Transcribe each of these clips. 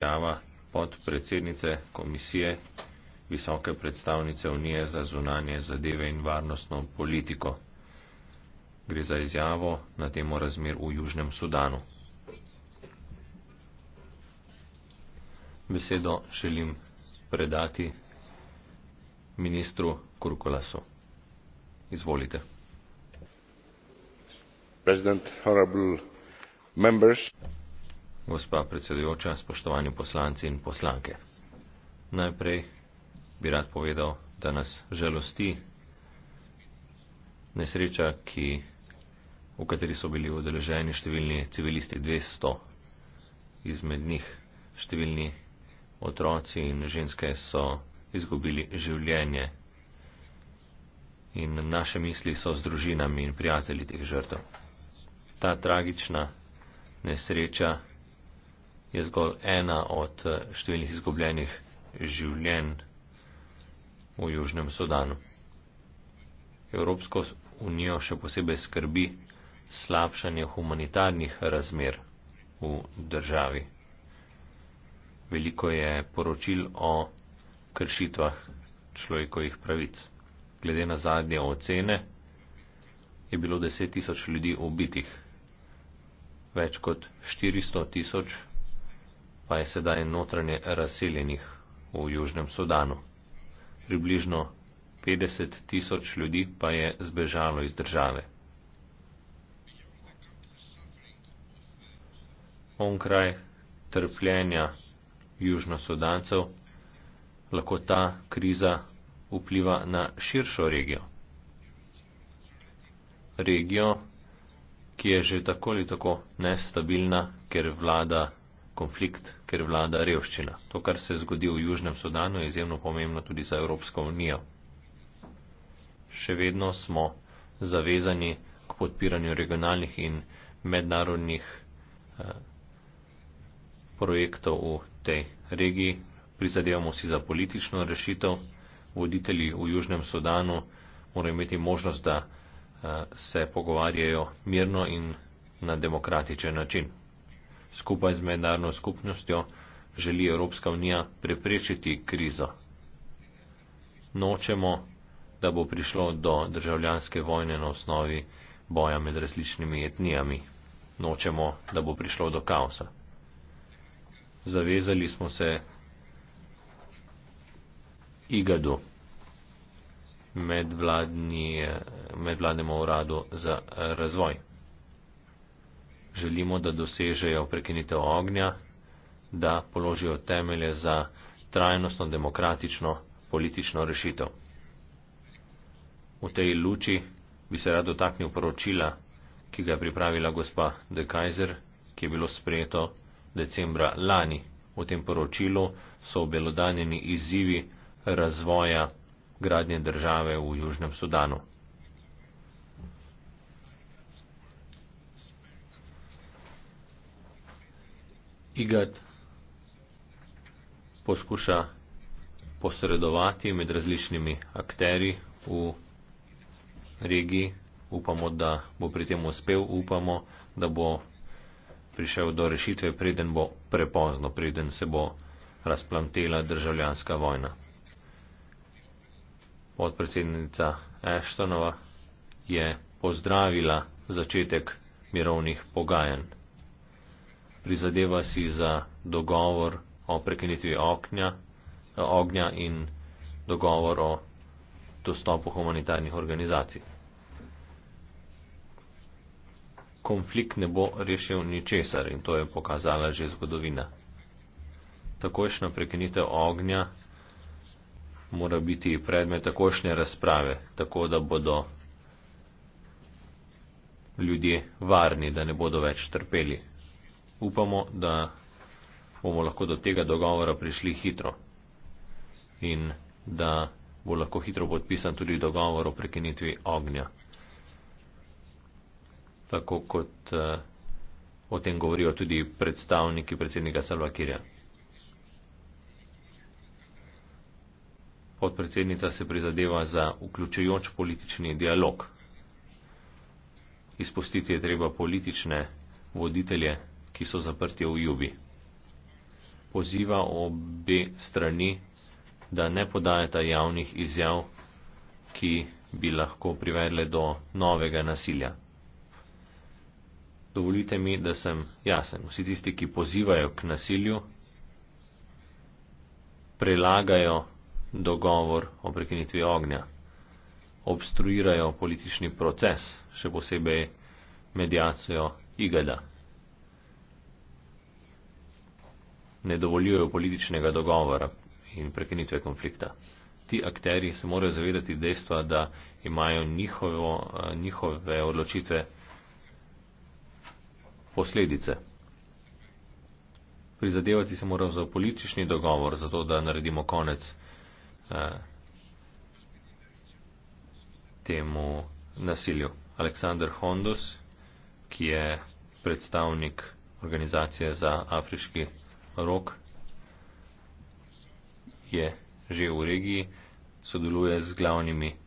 izjava podpredsednice komisije visoke predstavnice Unije za zunanje zadeve in varnostno politiko. Gre za izjavo na temo razmer v Južnem Sudanu. Besedo želim predati ministru Kurkolasu. Izvolite. President, honorable members gospa predsedujoča, spoštovani poslanci in poslanke. Najprej bi rad povedal, da nas žalosti nesreča, ki, v kateri so bili udeleženi številni civilisti 200, izmed njih številni otroci in ženske so izgubili življenje. In naše misli so z družinami in prijatelji teh žrtev. Ta tragična nesreča je zgolj ena od eh, številnih izgubljenih življenj v Južnem Sudanu. Evropsko unijo še posebej skrbi slabšanje humanitarnih razmer v državi. Veliko je poročil o kršitvah človekovih pravic. Glede na zadnje ocene je bilo 10 tisoč ljudi ubitih, več kot 400 tisoč pa je sedaj notranje razseljenih v Južnem Sudanu. Približno 50 tisoč ljudi pa je zbežalo iz države. Onkraj trpljenja južnosudancev lahko ta kriza vpliva na širšo regijo. Regijo, ki je že tako ali tako nestabilna, ker vlada konflikt, ker vlada revščina. To, kar se zgodi v Južnem Sudanu, je izjemno pomembno tudi za Evropsko unijo. Še vedno smo zavezani k podpiranju regionalnih in mednarodnih eh, projektov v tej regiji. Prizadevamo si za politično rešitev. Voditelji v Južnem Sudanu morajo imeti možnost, da eh, se pogovarjajo mirno in na demokratičen način skupaj z mednarodno skupnostjo želi Evropska unija preprečiti krizo. Nočemo, da bo prišlo do državljanske vojne na osnovi boja med različnimi etnijami. Nočemo, da bo prišlo do kaosa. Zavezali smo se IGADU, medvladnemu uradu za razvoj želimo, da dosežejo prekinitev ognja, da položijo temelje za trajnostno demokratično politično rešitev. V tej luči bi se rad dotaknil poročila, ki ga je pripravila gospa De Kaiser, ki je bilo sprejeto decembra lani. V tem poročilu so obelodanjeni izzivi razvoja gradnje države v Južnem Sudanu. IGAT poskuša posredovati med različnimi akteri v regiji. Upamo, da bo pri tem uspel, upamo, da bo prišel do rešitve, preden bo prepozno, preden se bo razplantela državljanska vojna. Podpredsednica Ashtonova je pozdravila začetek mirovnih pogajanj prizadeva si za dogovor o prekinitvi oknja, ognja in dogovor o dostopu humanitarnih organizacij. Konflikt ne bo rešil ničesar in to je pokazala že zgodovina. Takošna prekinitev ognja mora biti predmet takošne razprave, tako da bodo ljudje varni, da ne bodo več trpeli upamo, da bomo lahko do tega dogovora prišli hitro in da bo lahko hitro podpisan tudi dogovor o prekinitvi ognja. Tako kot eh, o tem govorijo tudi predstavniki predsednika Salvakirja. Podpredsednica se prizadeva za vključujoč politični dialog. Izpustiti je treba politične voditelje ki so zaprti v Jubi. Poziva obe strani, da ne podajata javnih izjav, ki bi lahko privedle do novega nasilja. Dovolite mi, da sem jasen. Vsi tisti, ki pozivajo k nasilju, prelagajo dogovor o prekinitvi ognja, obstruirajo politični proces, še posebej medijacijo IGD-a. ne dovoljujejo političnega dogovora in prekinitve konflikta. Ti akteri se morajo zavedati dejstva, da imajo njihovo, eh, njihove odločitve posledice. Prizadevati se moramo za politični dogovor, zato da naredimo konec eh, temu nasilju. Aleksandr Hondus, ki je predstavnik organizacije za afriški rok je že v regiji, sodeluje z glavnimi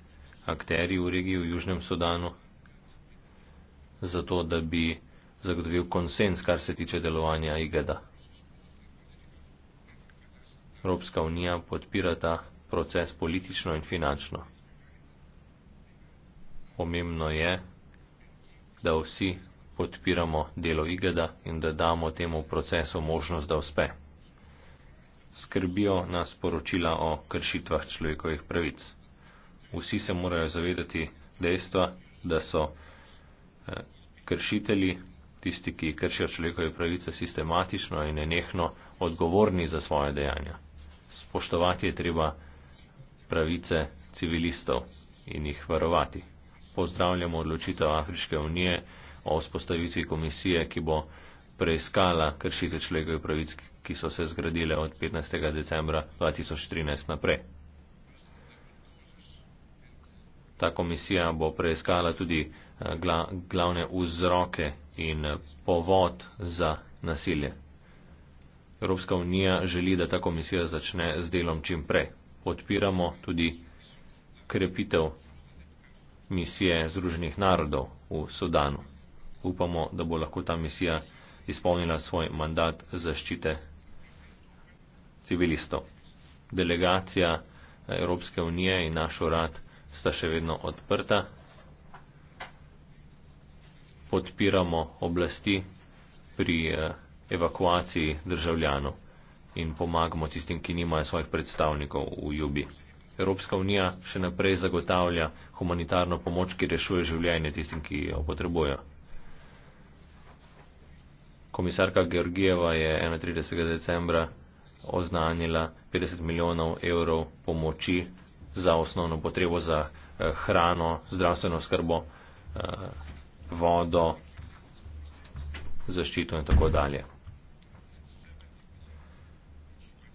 akterji v regiji v Južnem Sudanu, zato da bi zagotovil konsens, kar se tiče delovanja IGD-a. Evropska unija podpira ta proces politično in finančno. Pomembno je, da vsi podpiramo delo IGEDA in da damo temu procesu možnost, da uspe. Skrbijo nas poročila o kršitvah človekovih pravic. Vsi se morajo zavedati dejstva, da so eh, kršitelji, tisti, ki kršijo človekove pravice sistematično in nenehno, odgovorni za svoje dejanja. Spoštovati je treba pravice civilistov in jih varovati. Pozdravljamo odločitev Afriške unije o vzpostavitvi komisije, ki bo preiskala kršite človekovih pravic, ki so se zgradile od 15. decembra 2013 naprej. Ta komisija bo preiskala tudi eh, glavne vzroke in eh, povod za nasilje. Evropska unija želi, da ta komisija začne z delom čim prej. Podpiramo tudi krepitev misije Združenih narodov v Sudanu upamo, da bo lahko ta misija izpolnila svoj mandat zaščite civilistov. Delegacija Evropske unije in naš urad sta še vedno odprta. Podpiramo oblasti pri eh, evakuaciji državljanov in pomagamo tistim, ki nimajo svojih predstavnikov v Jubi. Evropska unija še naprej zagotavlja humanitarno pomoč, ki rešuje življenje tistim, ki jo potrebujejo. Komisarka Georgijeva je 31. decembra oznanila 50 milijonov evrov pomoči za osnovno potrebo za eh, hrano, zdravstveno skrbo, eh, vodo, zaščito in tako dalje.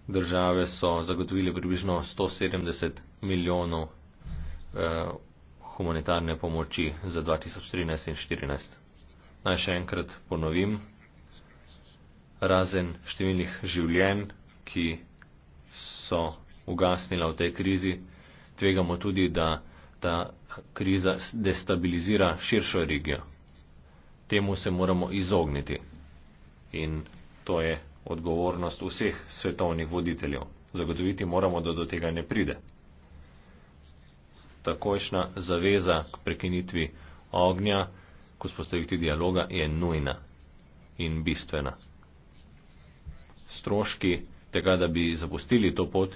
Države so zagotovili približno 170 milijonov eh, humanitarne pomoči za 2013 in 2014. Naj še enkrat ponovim razen številnih življenj, ki so ugasnila v tej krizi, tvegamo tudi, da ta kriza destabilizira širšo regijo. Temu se moramo izogniti in to je odgovornost vseh svetovnih voditeljev. Zagotoviti moramo, da do tega ne pride. Takojšna zaveza k prekinitvi ognja, k vzpostavitvi dialoga je nujna in bistvena stroški tega, da bi zapustili to pot,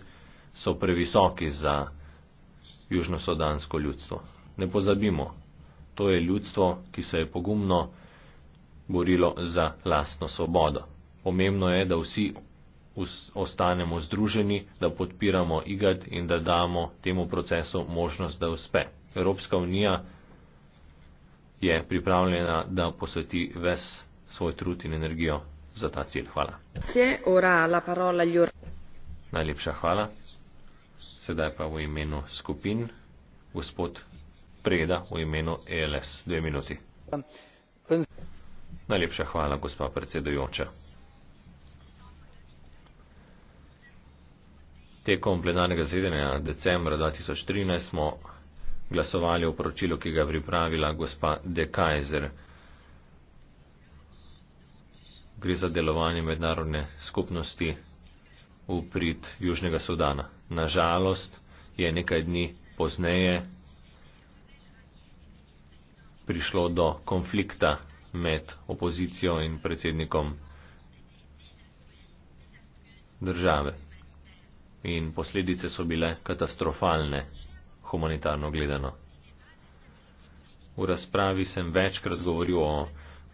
so previsoki za južnosodansko ljudstvo. Ne pozabimo, to je ljudstvo, ki se je pogumno borilo za lastno svobodo. Pomembno je, da vsi ostanemo združeni, da podpiramo IGAD in da damo temu procesu možnost, da uspe. Evropska unija je pripravljena, da posveti ves svoj trud in energijo za ta cilj. Hvala. Najlepša hvala. Sedaj pa v imenu skupin gospod Preda v imenu ELS. Dve minuti. Najlepša hvala, gospa predsedujoča. Tekom plenarnega zvedenja decembra 2013 smo glasovali o poročilu, ki ga je pripravila gospa De Kaiser gre za delovanje mednarodne skupnosti v prid Južnega Sudana. Nažalost je nekaj dni pozneje prišlo do konflikta med opozicijo in predsednikom države. In posledice so bile katastrofalne, humanitarno gledano. V razpravi sem večkrat govoril o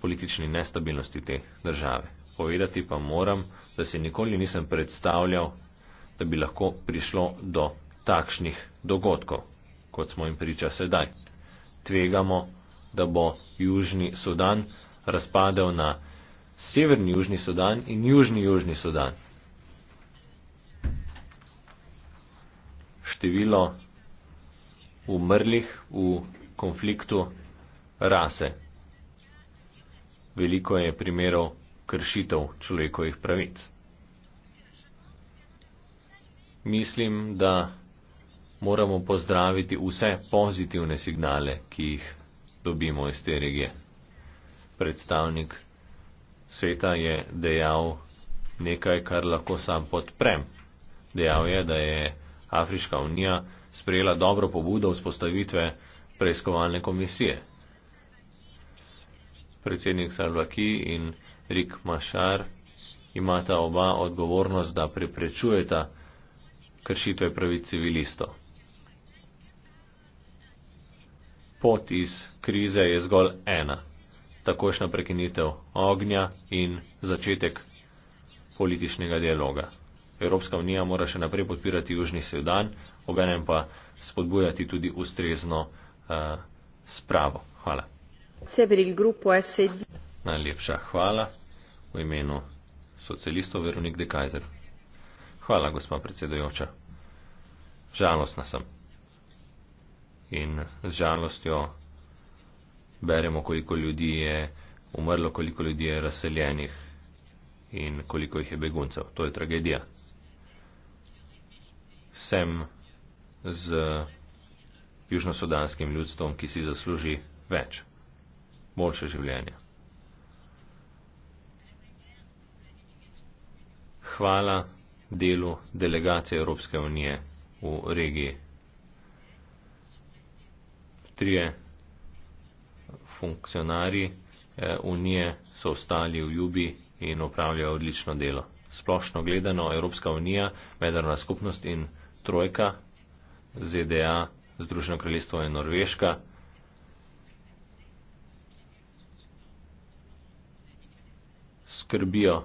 politični nestabilnosti te države. Povedati pa moram, da si nikoli nisem predstavljal, da bi lahko prišlo do takšnih dogodkov, kot smo jim priča sedaj. Tvegamo, da bo Južni Sudan razpadel na Severni Južni Sudan in Južni Južni Sudan. Število umrlih v konfliktu rase veliko je primerov kršitev človekovih pravic. Mislim, da moramo pozdraviti vse pozitivne signale, ki jih dobimo iz te regije. Predstavnik sveta je dejal nekaj, kar lahko sam podprem. Dejal je, da je Afriška unija sprejela dobro pobudo vzpostavitve preiskovalne komisije predsednik Salvaki in Rik Mašar imata oba odgovornost, da preprečujeta kršitve pravic civilistov. Pot iz krize je zgolj ena. Takošna prekinitev ognja in začetek političnega dialoga. Evropska unija mora še naprej podpirati Južni Sudan, obenem pa spodbujati tudi ustrezno uh, spravo. Hvala. E Najlepša hvala v imenu socialistov Veronik de Kajzer. Hvala, gospa predsedojoča. Žalostna sem. In z žalostjo beremo, koliko ljudi je umrlo, koliko ljudi je razseljenih in koliko jih je beguncev. To je tragedija. Sem z južnosudanskim ljudstvom, ki si zasluži več boljše življenje. Hvala delu delegacije Evropske unije v regiji. Trije funkcionari eh, unije so ostali v Jubi in upravljajo odlično delo. Splošno gledano Evropska unija, mednarodna skupnost in trojka, ZDA, Združeno kraljestvo in Norveška. skrbijo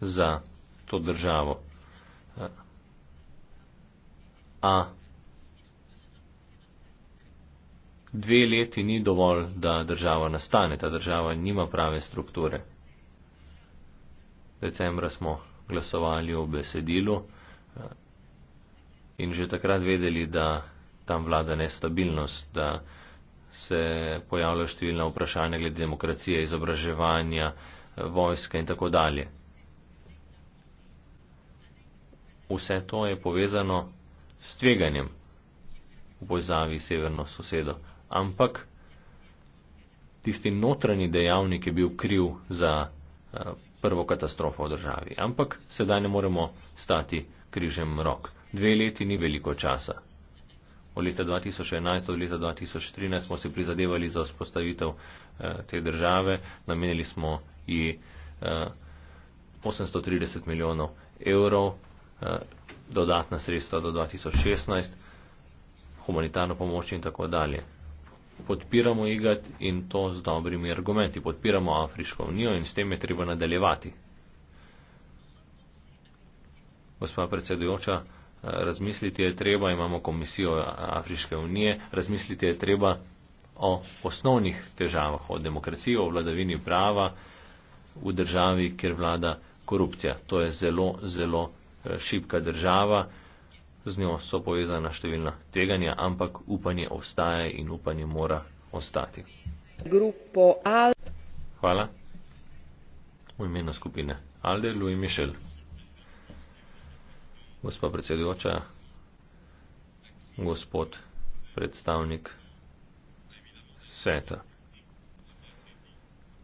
za to državo. A dve leti ni dovolj, da država nastane, ta država nima prave strukture. Decembra smo glasovali o besedilu eh, in že takrat vedeli, da tam vlada nestabilnost, da se pojavljajo številna vprašanja glede demokracije, izobraževanja, vojske in tako dalje. Vse to je povezano s tveganjem v povezavi s severno sosedo. Ampak tisti notranji dejavnik je bil kriv za eh, prvo katastrofo v državi. Ampak sedaj ne moremo stati križem rok. Dve leti ni veliko časa od leta 2011 do leta 2013 smo si prizadevali za vzpostavitev eh, te države, namenili smo ji 830 eh, milijonov evrov, eh, dodatna sredstva do 2016, humanitarno pomoč in tako dalje. Podpiramo IGAT in to z dobrimi argumenti. Podpiramo Afriško unijo in s tem je treba nadaljevati. Gospa predsedujoča, Eh, razmisliti je treba, imamo komisijo eh, Afriške unije, razmisliti je treba o osnovnih težavah, o demokraciji, o vladavini prava v državi, kjer vlada korupcija. To je zelo, zelo eh, šibka država, z njo so povezana številna tveganja, ampak upanje ostaje in upanje mora ostati. Hvala. V imenu skupine Alde Louis Michel gospa predsedujoča, gospod predstavnik sveta.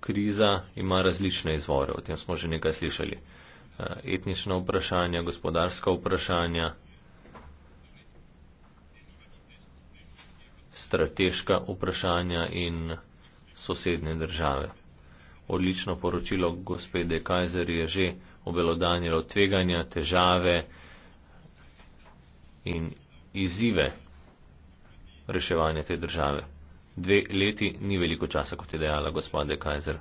Kriza ima različne izvore, o tem smo že nekaj slišali. Eh, etnična vprašanja, gospodarska vprašanja, strateška vprašanja in sosednje države. Odlično poročilo gospe De Kajzer je že obelodanjilo tveganja, težave, in izzive reševanja te države. Dve leti ni veliko časa, kot je dejala gospod De Kajzer.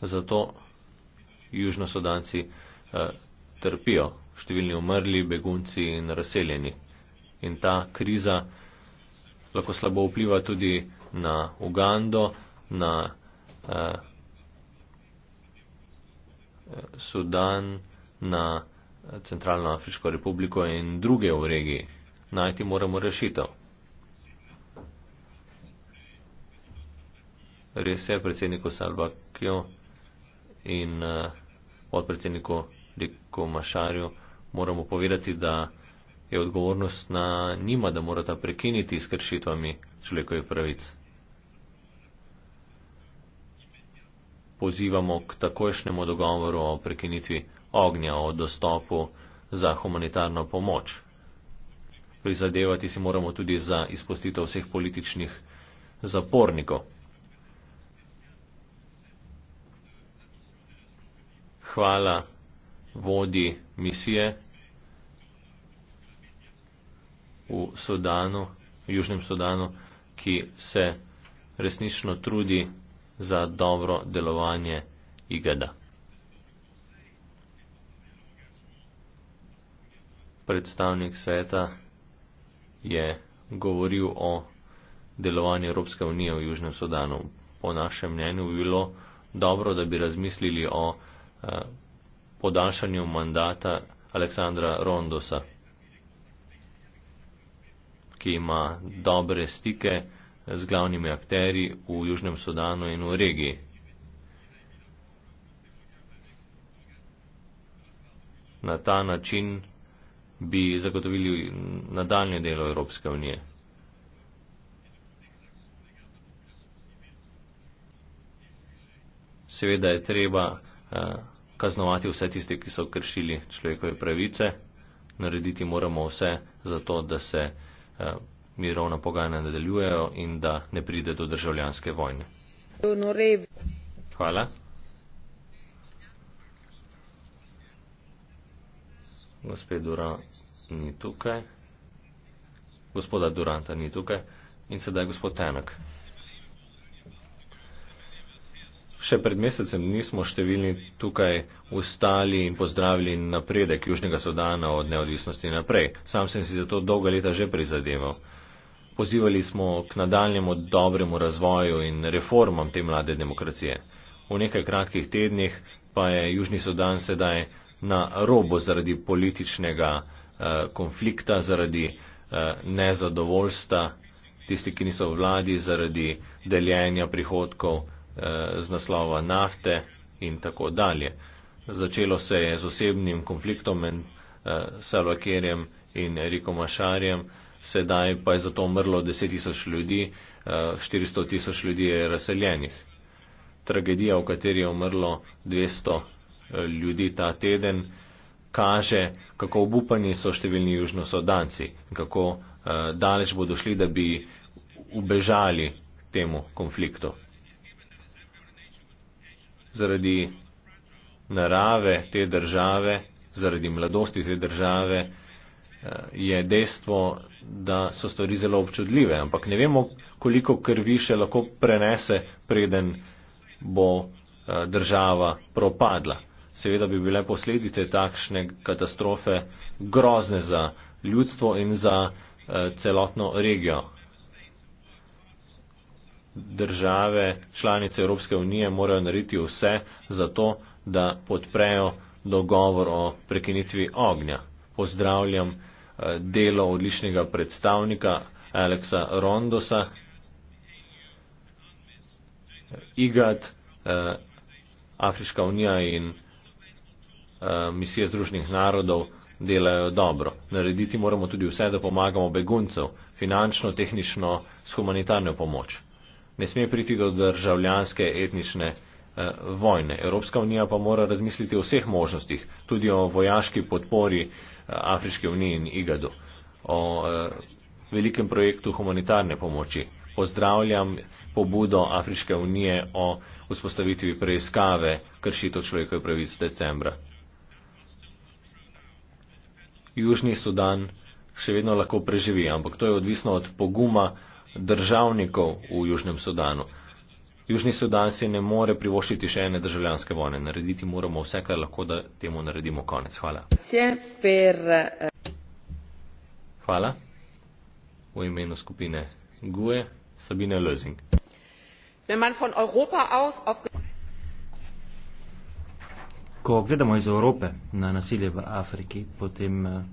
Zato južnosodanci eh, trpijo, številni umrli, begunci in razseljeni. In ta kriza lahko slabo vpliva tudi na Ugando, na eh, eh Sudan, na. Centralno Afriško republiko in druge v regiji. Najti moramo rešitev. Res je predsedniku Salva Kjo in eh, podpredsedniku Liko Mašarju moramo povedati, da je odgovornost na njima, da morata prekiniti s kršitvami človekovih pravic. Pozivamo k takojšnjemu dogovoru o prekinitvi ognja o dostopu za humanitarno pomoč. Prizadevati si moramo tudi za izpustitev vseh političnih zapornikov. Hvala vodi misije v Sudanu, v Južnem Sudanu, ki se resnično trudi za dobro delovanje IGD-a. predstavnik sveta je govoril o delovanju Evropske unije v Južnem Sudanu. Po našem mnenju bi bilo dobro, da bi razmislili o eh, podaljšanju mandata Aleksandra Rondosa, ki ima dobre stike z glavnimi akteri v Južnem Sudanu in v regiji. Na ta način bi zagotovili nadaljne delo Evropske unije. Seveda je treba eh, kaznovati vse tiste, ki so kršili človekove pravice, narediti moramo vse za to, da se eh, mirovna pogajanja nadaljujejo in da ne pride do državljanske vojne. Hvala. gospe Duran ni tukaj, gospoda Duranta ni tukaj in sedaj gospod Tenek. Še pred mesecem nismo številni tukaj ustali in pozdravili napredek Južnega Sodana od neodvisnosti naprej. Sam sem si za to dolga leta že prizadeval. Pozivali smo k nadaljemu dobremu razvoju in reformam te mlade demokracije. V nekaj kratkih tednih pa je Južni Sudan sedaj na robu zaradi političnega eh, konflikta, zaradi eh, nezadovoljstva tisti, ki niso v vladi, zaradi deljenja prihodkov eh, z naslova nafte in tako dalje. Začelo se je z osebnim konfliktom med Salvakirjem in Riko Mašarjem, sedaj pa je zato umrlo 10 tisoč ljudi, 400 tisoč ljudi je razseljenih. Tragedija, v kateri je umrlo 200 ljudi ta teden, kaže, kako obupani so številni južnosodanci in kako uh, daleč bodo šli, da bi ubežali temu konfliktu. Zaradi narave te države, zaradi mladosti te države uh, je dejstvo, da so stvari zelo občudljive, ampak ne vemo, koliko krvi še lahko prenese, preden bo uh, država propadla seveda bi bile posledice takšne katastrofe grozne za ljudstvo in za eh, celotno regijo. Države, članice Evropske unije morajo narediti vse za to, da podprejo dogovor o prekinitvi ognja. Pozdravljam eh, delo odličnega predstavnika Aleksa Rondosa. IGAT, eh, Afriška unija in Eh, misije Združenih narodov delajo dobro. Narediti moramo tudi vse, da pomagamo beguncev, finančno, tehnično, s humanitarno pomoč. Ne sme priti do državljanske etnične eh, vojne. Evropska unija pa mora razmisliti o vseh možnostih, tudi o vojaški podpori eh, Afriški uniji in IGAD-u, o eh, velikem projektu humanitarne pomoči. Pozdravljam pobudo Afriške unije o vzpostavitvi preiskave kršitev človekovih pravic decembra Južni Sudan še vedno lahko preživi, ampak to je odvisno od poguma državnikov v Južnem Sudanu. Južni Sudan si ne more privoščiti še ene državljanske vojne. Narediti moramo vse, kar lahko, da temu naredimo konec. Hvala. Hvala. V imenu skupine GUE, Sabine Lozing. Ko gledamo iz Evrope na nasilje v Afriki, potem eh,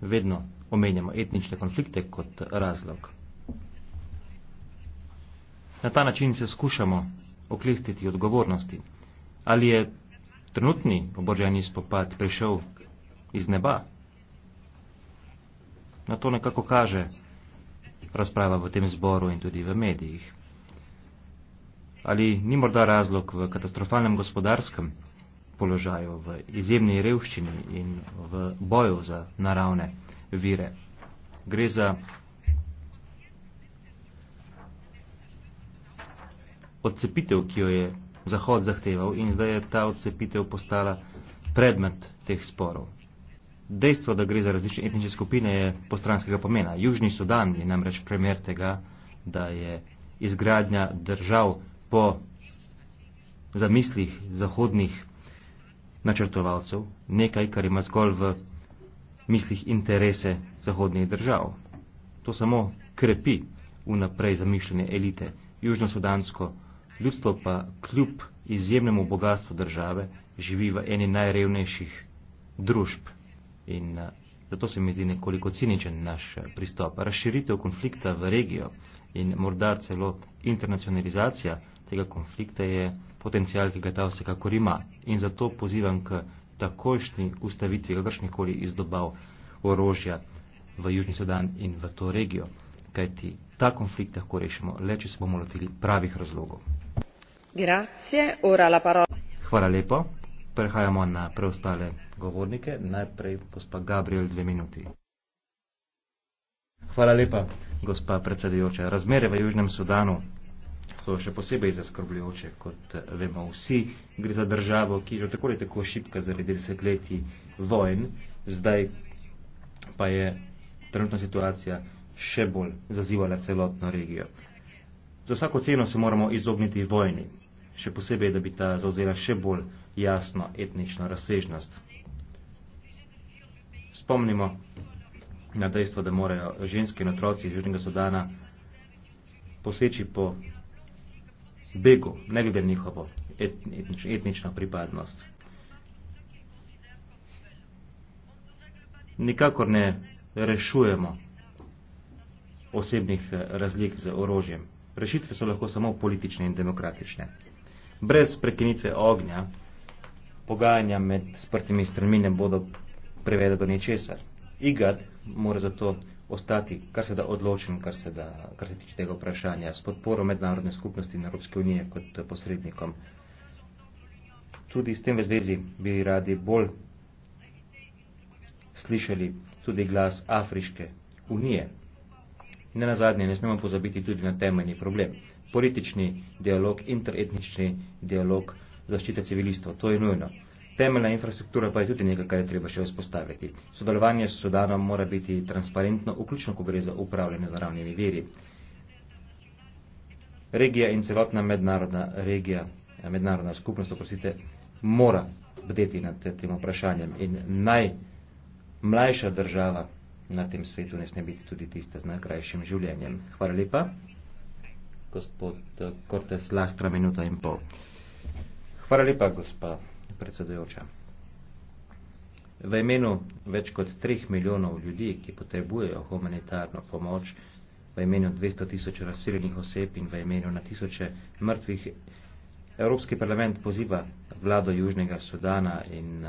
vedno omenjamo etnične konflikte kot razlog. Na ta način se skušamo oklistiti odgovornosti. Ali je trenutni oboženji spopad prišel iz neba? Na to nekako kaže razprava v tem zboru in tudi v medijih. Ali ni morda razlog v katastrofalnem gospodarskem položaju, v izjemni revščini in v boju za naravne vire. Gre za odcepitev, ki jo je Zahod zahteval in zdaj je ta odcepitev postala predmet teh sporov. Dejstvo, da gre za različne etnične skupine, je postranskega pomena. Južni Sudan je namreč primer tega, da je izgradnja držav po zamislih zahodnih načrtovalcev, nekaj, kar ima zgolj v mislih interese zahodnih držav. To samo krepi vnaprej zamišljene elite. Južno-sudansko ljudstvo pa kljub izjemnemu bogatstvu države živi v eni najrevnejših družb. In eh, zato se mi zdi nekoliko ciničen naš eh, pristop. Razširitev konflikta v regijo in morda celo internacionalizacija tega konflikta je potencial, ki ga ta vsekakor ima. In zato pozivam k takošni ustavitvi kakršnikoli izdobav orožja v Južni Sudan in v to regijo. Kajti ta konflikt lahko rešimo le, če se bomo lotili pravih razlogov. Grazie, ora la parola. Hvala lepo. Prehajamo na preostale govornike. Najprej gospa Gabriel, dve minuti. Hvala lepa, gospa predsedujoča. Razmere v Južnem Sudanu so še posebej zaskrbljujoče, kot vemo vsi. Gre za državo, ki je že tako tako šipka zaradi desetletij vojn, zdaj pa je trenutna situacija še bolj zazivala celotno regijo. Za vsako ceno se moramo izogniti vojni, še posebej, da bi ta zauzela še bolj jasno etnično razsežnost. Spomnimo na dejstvo, da morajo ženske in otroci iz Južnega Sudana poseči po begu, ne glede njihovo etnič, etnično pripadnost. Nikakor ne rešujemo osebnih eh, razlik z orožjem. Rešitve so lahko samo politične in demokratične. Brez prekinitve ognja, pogajanja med sprtimi stranmi ne bodo prevede do ničesar. IGAD mora zato ostati kar se da odločen, kar se, da, kar se tiče tega vprašanja, s podporo mednarodne skupnosti in Evropske unije kot posrednikom. Tudi s tem v zvezi bi radi bolj slišali tudi glas Afriške unije. Ne na zadnje, ne smemo pozabiti tudi na temeljni problem. Politični dialog, interetnični dialog, zaščita civilistov, to je nujno. Temeljna infrastruktura pa je tudi nekaj, kar je treba še vzpostaviti. Sodelovanje s sodanom mora biti transparentno, vključno, ko gre za upravljanje z naravnimi viri. Regija in celotna mednarodna regija, mednarodna skupnost, oprostite, mora bdeti nad tem vprašanjem in najmlajša država na tem svetu ne sme biti tudi tista z najkrajšim življenjem. Hvala lepa, gospod Cortes Lastra, minuta in pol. Hvala lepa, gospod predsedujoča. V imenu več kot 3 milijonov ljudi, ki potrebujejo humanitarno pomoč, v imenu 200 tisoč razsirjenih oseb in v imenu na tisoče mrtvih, Evropski parlament poziva vlado Južnega Sudana in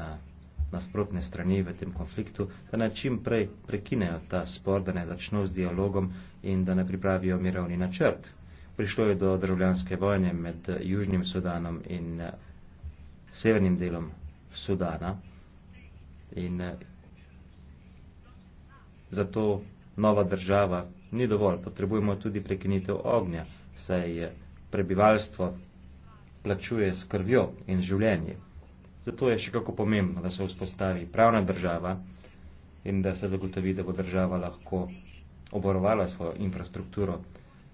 nasprotne strani v tem konfliktu, da na čim prej prekinejo ta spor, da ne začno s dialogom in da ne pripravijo mirovni načrt. Prišlo je do državljanske vojne med Južnim Sudanom in severnim delom Sudana in eh, zato nova država ni dovolj. Potrebujemo tudi prekinitev ognja, saj je eh, prebivalstvo plačuje s krvjo in življenje. Zato je še kako pomembno, da se vzpostavi pravna država in da se zagotovi, da bo država lahko oborovala svojo infrastrukturo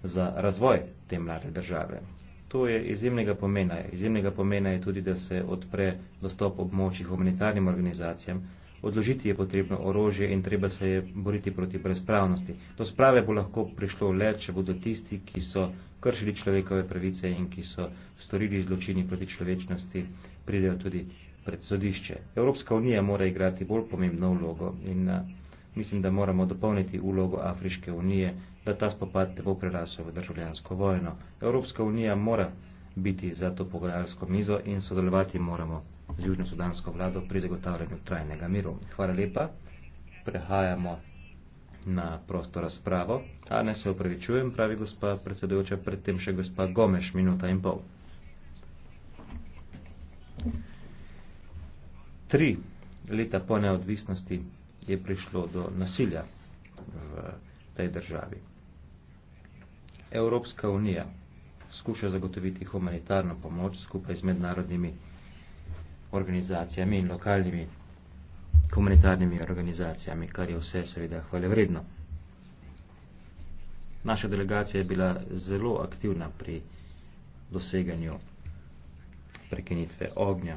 za razvoj te mlade države. To je izjemnega pomena. Izjemnega pomena je tudi, da se odpre dostop območij humanitarnim organizacijam. Odložiti je potrebno orožje in treba se je boriti proti brezpravnosti. Do sprave bo lahko prišlo le, če bodo tisti, ki so kršili človekove pravice in ki so storili zločini proti človečnosti, pridejo tudi pred sodišče. Evropska unija mora igrati bolj pomembno vlogo in a, eh, mislim, da moramo dopolniti vlogo Afriške unije da ta spopad bo prerasel v državljansko vojno. Evropska unija mora biti za to pogajalsko mizo in sodelovati moramo z južno-sudansko vlado pri zagotavljanju trajnega miru. Hvala lepa. Prehajamo na prosto razpravo. A ne se upravičujem, pravi gospa predsedujoča, predtem še gospa Gomeš, minuta in pol. Tri leta po neodvisnosti je prišlo do nasilja v tej državi. Evropska unija skuša zagotoviti humanitarno pomoč skupaj z mednarodnimi organizacijami in lokalnimi humanitarnimi organizacijami, kar je vse seveda hvale vredno. Naša delegacija je bila zelo aktivna pri doseganju prekinitve ognja.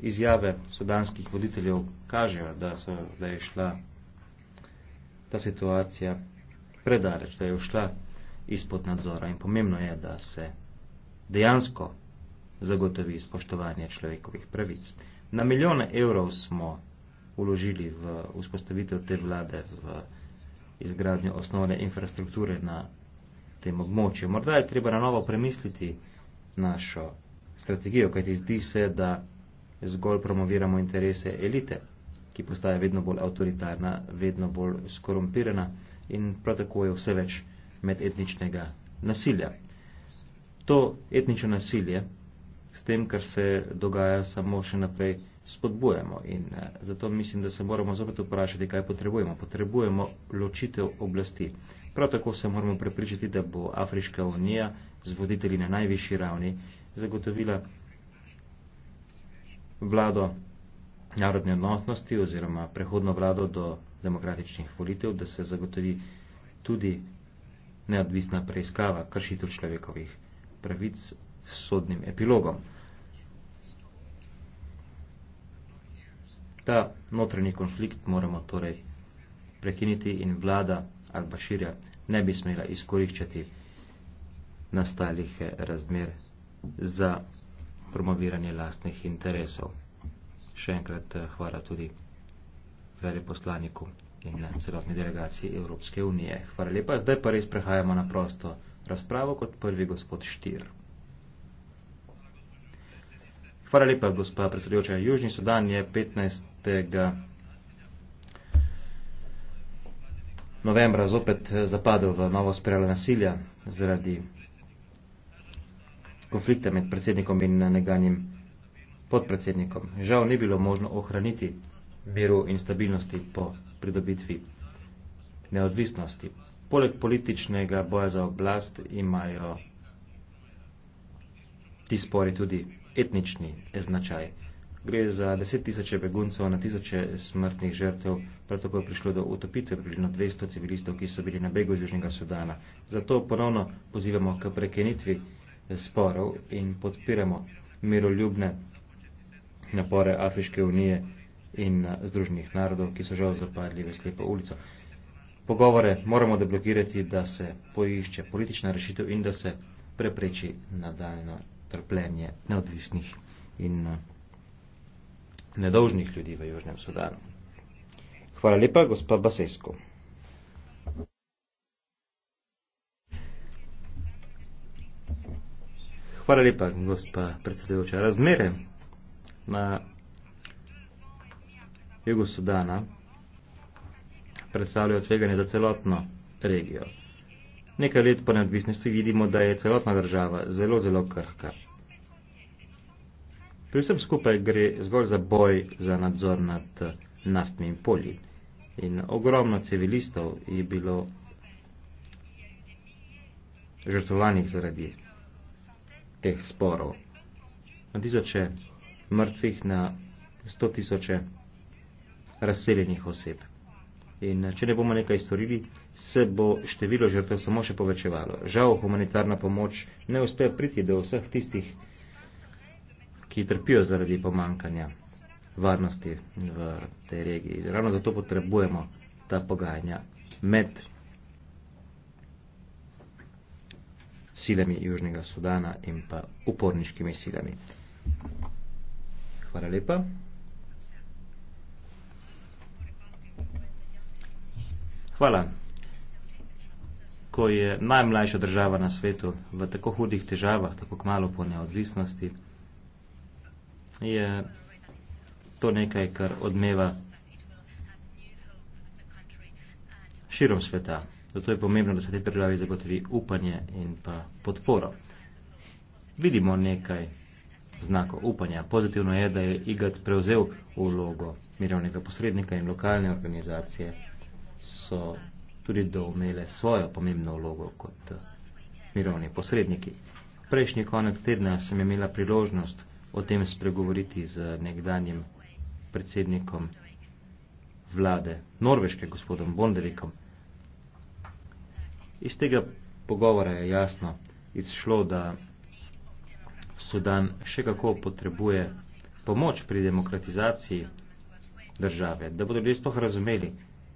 Izjave sudanskih voditeljev kažejo, da, so, da je šla ta situacija predareč, da je ušla izpod nadzora in pomembno je, da se dejansko zagotovi spoštovanje človekovih pravic. Na milijone evrov smo uložili v vzpostavitev te vlade v izgradnjo osnovne infrastrukture na tem območju. Morda je treba na novo premisliti našo strategijo, kajti zdi se, da zgolj promoviramo interese elite ki postaja vedno bolj avtoritarna, vedno bolj skorumpirana in prav tako je vse več medetničnega nasilja. To etnično nasilje s tem, kar se dogaja, samo še naprej spodbujamo in eh, zato mislim, da se moramo zopet vprašati, kaj potrebujemo. Potrebujemo ločitev oblasti. Prav tako se moramo prepričati, da bo Afriška unija z voditelji na najvišji ravni zagotovila vlado narodne enotnosti oziroma prehodno vlado do demokratičnih volitev, da se zagotovi tudi neodvisna preiskava kršitev človekovih pravic s sodnim epilogom. Ta notranji konflikt moramo torej prekiniti in vlada Alba Širja ne bi smela izkoriščati nastalih eh, razmer za promoviranje lastnih interesov še enkrat eh, hvala tudi veleposlaniku in celotni delegaciji Evropske unije. Hvala lepa, zdaj pa res prehajamo na prosto razpravo kot prvi gospod Štir. Hvala lepa, gospa predsedujoča. Južni Sudan je 15. novembra zopet eh, zapadel v novo spiralo nasilja zaradi konflikta med predsednikom in eh, neganjem podpredsednikom. Žal ni bilo možno ohraniti miru in stabilnosti po pridobitvi neodvisnosti. Poleg političnega boja za oblast imajo ti spori tudi etnični značaj. Gre za deset tisoče beguncev na tisoče smrtnih žrtev, prav tako je prišlo do utopitve približno 200 civilistov, ki so bili na begu iz Južnega Sudana. Zato ponovno pozivamo k prekenitvi sporov in podpiramo miroljubne napore Afriške unije in eh, Združenih narodov, ki so žal zapadli v slepo ulico. Pogovore moramo deblokirati, da se poišče politična rešitev in da se prepreči nadaljno trpljenje neodvisnih in eh, nedolžnih ljudi v Južnem Sudanu. Hvala lepa, gospa Basesko. Hvala lepa, gospa predsedujoča. Razmere na jugu Sudana predstavljajo tveganje za celotno regijo. Nekaj let po neodvisnosti vidimo, da je celotna država zelo, zelo krhka. Pri vsem skupaj gre zgolj za boj za nadzor nad naftnimi polji. In ogromno civilistov je bilo žrtovanih zaradi teh sporov. Na tisoče mrtvih na sto tisoče razseljenih oseb. In eh, če ne bomo nekaj storili, se bo število žrtev samo še povečevalo. Žal humanitarna pomoč ne uspe priti do vseh tistih, ki trpijo zaradi pomankanja varnosti v tej regiji. Ravno zato potrebujemo ta pogajanja med silami Južnega Sudana in pa uporniškimi silami. Hvala lepa. Hvala. Ko je najmlajša država na svetu v tako hudih težavah, tako kmalo po neodvisnosti, je to nekaj, kar odmeva širom sveta. Zato je pomembno, da se te državi zagotovi upanje in pa podporo. Vidimo nekaj znako upanja. Pozitivno je, da je IGAT prevzel ulogo mirovnega posrednika in lokalne organizacije so tudi doumele svojo pomembno vlogo kot eh, mirovni posredniki. Prejšnji konec tedna sem imela priložnost o tem spregovoriti z nekdanjim predsednikom vlade Norveške, gospodom Bondevikom. Iz tega pogovora je jasno izšlo, da Sudan še kako potrebuje pomoč pri demokratizaciji države, da bodo ljudje sploh razumeli,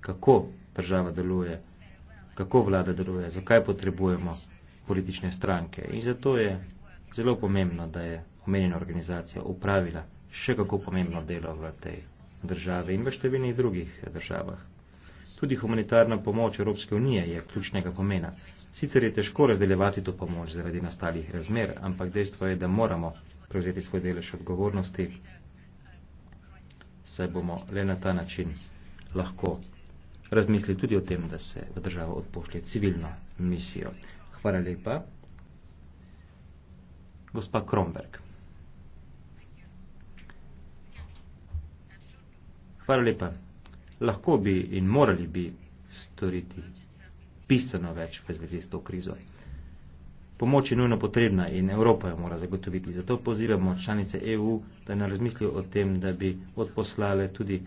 kako država deluje, kako vlada deluje, zakaj potrebujemo politične stranke. In zato je zelo pomembno, da je omenjena organizacija upravila še kako pomembno delo v tej državi in v številnih drugih državah. Tudi humanitarna pomoč Evropske unije je ključnega pomena. Sicer je težko razdeljevati to pomoč zaradi nastalih razmer, ampak dejstvo je, da moramo prevzeti svoj delež odgovornosti, saj bomo le na ta način lahko razmislili tudi o tem, da se v državo odpošlje civilno misijo. Hvala lepa. Gospa Kromberg. Hvala lepa. Lahko bi in morali bi storiti bistveno več v zvezi s to krizo. Pomoč je nujno potrebna in Evropa jo mora zagotoviti. Zato pozivamo članice EU, da ne razmislijo o tem, da bi odposlale tudi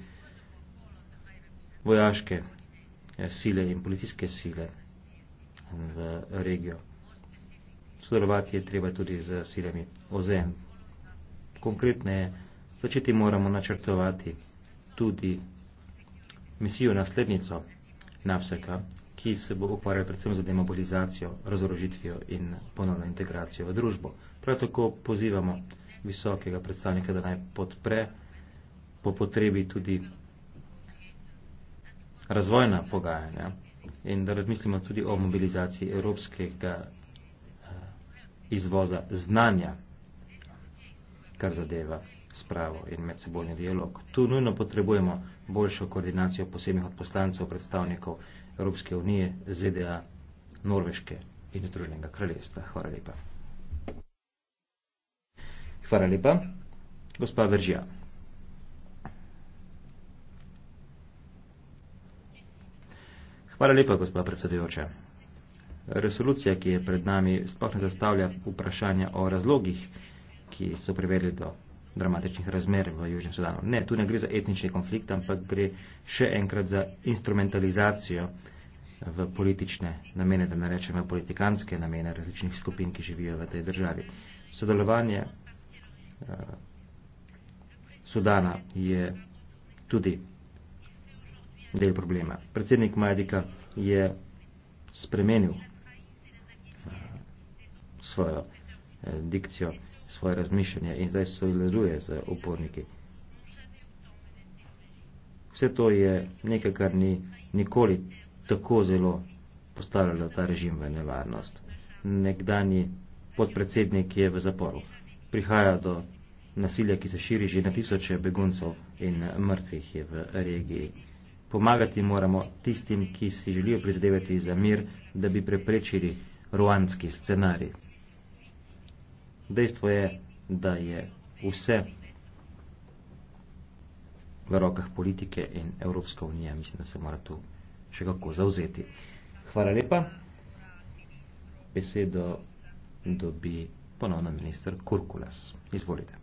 vojaške eh, sile in policijske sile v regijo. Sodelovati je treba tudi z silami OZN. Konkretne začeti moramo načrtovati tudi misijo naslednico Navseka, ki se bo ukvarjal predvsem z demobilizacijo, razorožitvijo in ponovno integracijo v družbo. Prav tako pozivamo visokega predstavnika, da naj podpre po potrebi tudi razvojna pogajanja in da razmislimo tudi o mobilizaciji evropskega eh, izvoza znanja, kar zadeva spravo in medsebojni dialog. Tu nujno potrebujemo boljšo koordinacijo posebnih odposlancev, predstavnikov Evropske unije, ZDA, Norveške in Združenega kraljestva. Hvala lepa. Hvala lepa, gospa Veržija. Hvala lepa, gospa predsedujoča. Resolucija, ki je pred nami, sploh ne zastavlja vprašanja o razlogih, ki so privedli do dramatičnih razmer v Južnem Sudanu. Ne, tu ne gre za etnični konflikt, ampak gre še enkrat za instrumentalizacijo v politične namene, da ne rečem, v politikanske namene različnih skupin, ki živijo v tej državi. Sodelovanje uh, Sudana je tudi del problema. Predsednik Majdika je spremenil uh, svojo uh, dikcijo svoje razmišljanje in zdaj solidaruje z uporniki. Vse to je nekaj, kar ni nikoli tako zelo postavljalo ta režim v nevarnost. Nekdani podpredsednik je v zaporu. Prihaja do nasilja, ki se širi že na tisoče beguncov in mrtvih je v regiji. Pomagati moramo tistim, ki si želijo prizadevati za mir, da bi preprečili ruanski scenarij. Dejstvo je, da je vse v rokah politike in Evropska unija, mislim, da se mora tu še kako zauzeti. Hvala lepa. Besedo dobi ponovno minister Kurkulas. Izvolite.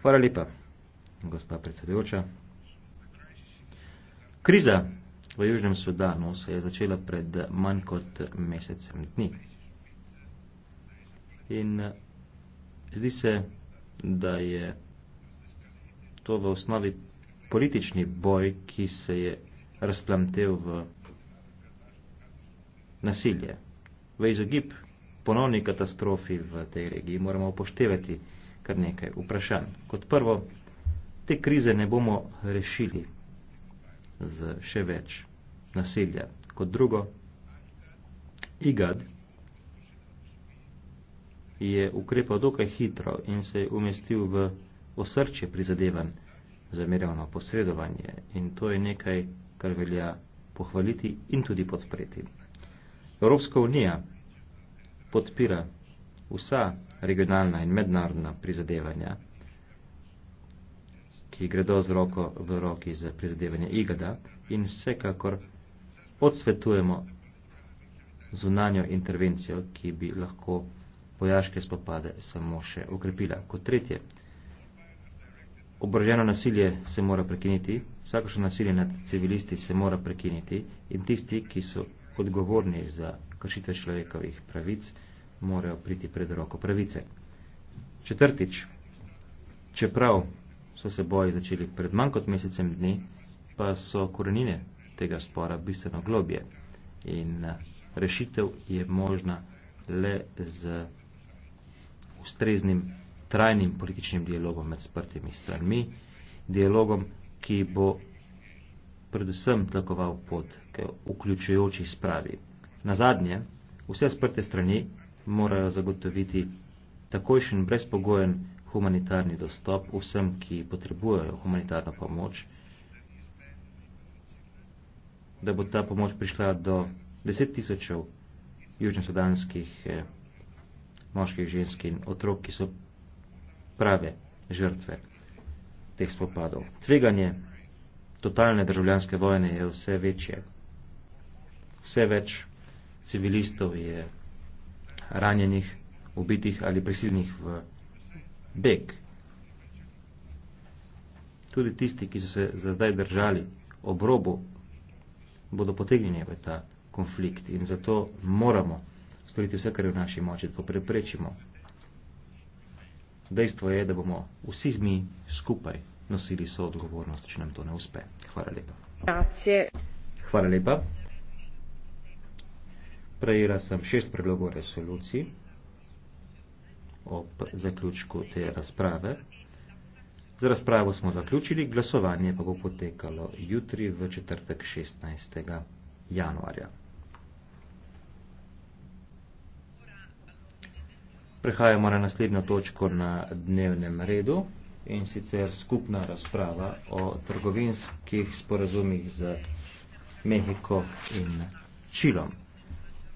Hvala lepa, gospa predsedujoča. Kriza v Južnem Sudanu se je začela pred manj kot mesecem dni. In eh, zdi se, da je to v osnovi politični boj, ki se je razplamtel v nasilje. V izogib ponovni katastrofi v tej regiji moramo upoštevati kar nekaj vprašanj. Kot prvo, te krize ne bomo rešili z še več nasilja. Kot drugo, IGAD je ukrepal dokaj hitro in se je umestil v osrče prizadevan za mirovno posredovanje in to je nekaj, kar velja pohvaliti in tudi podpreti. Evropska unija podpira vsa regionalna in mednarodna prizadevanja, ki gredo z roko v roki za prizadevanje IGADA in vsekakor odsvetujemo zunanjo intervencijo, ki bi lahko vojaške spopade samo še okrepila. Kot tretje, oboroženo nasilje se mora prekiniti, vsakošno nasilje nad civilisti se mora prekiniti in tisti, ki so odgovorni za kršitev človekovih pravic, morajo priti pred roko pravice. Četrtič, čeprav so se boji začeli pred manj kot mesecem dni, pa so korenine tega spora bistveno globje in rešitev je možna le z ustreznim trajnim političnim dialogom med sprtimi stranmi, dialogom, ki bo predvsem tlakoval pot k vključujoči spravi. Na zadnje, vse sprte strani morajo zagotoviti takojšen brezpogojen humanitarni dostop vsem, ki potrebujejo humanitarno pomoč, da bo ta pomoč prišla do deset tisočev južnosudanskih eh, moških, žensk in otrok, ki so prave žrtve teh spopadov. Tveganje totalne državljanske vojne je vse večje. Vse več civilistov je ranjenih, ubitih ali prisilnih v beg. Tudi tisti, ki so se za zdaj držali ob robu, bodo potegnjeni v ta konflikt in zato moramo storiti vse, kar je v naši moči, da to preprečimo. Dejstvo je, da bomo vsi mi skupaj nosili so odgovornost, če nam to ne uspe. Hvala lepa. Grazie. Hvala lepa. Prejela sem šest predlogov resolucij ob zaključku te razprave. Za razpravo smo zaključili, glasovanje pa bo potekalo jutri v četrtek 16. januarja. Prehajamo na naslednjo točko na dnevnem redu in sicer skupna razprava o trgovinskih sporazumih z Mehiko in Čilom.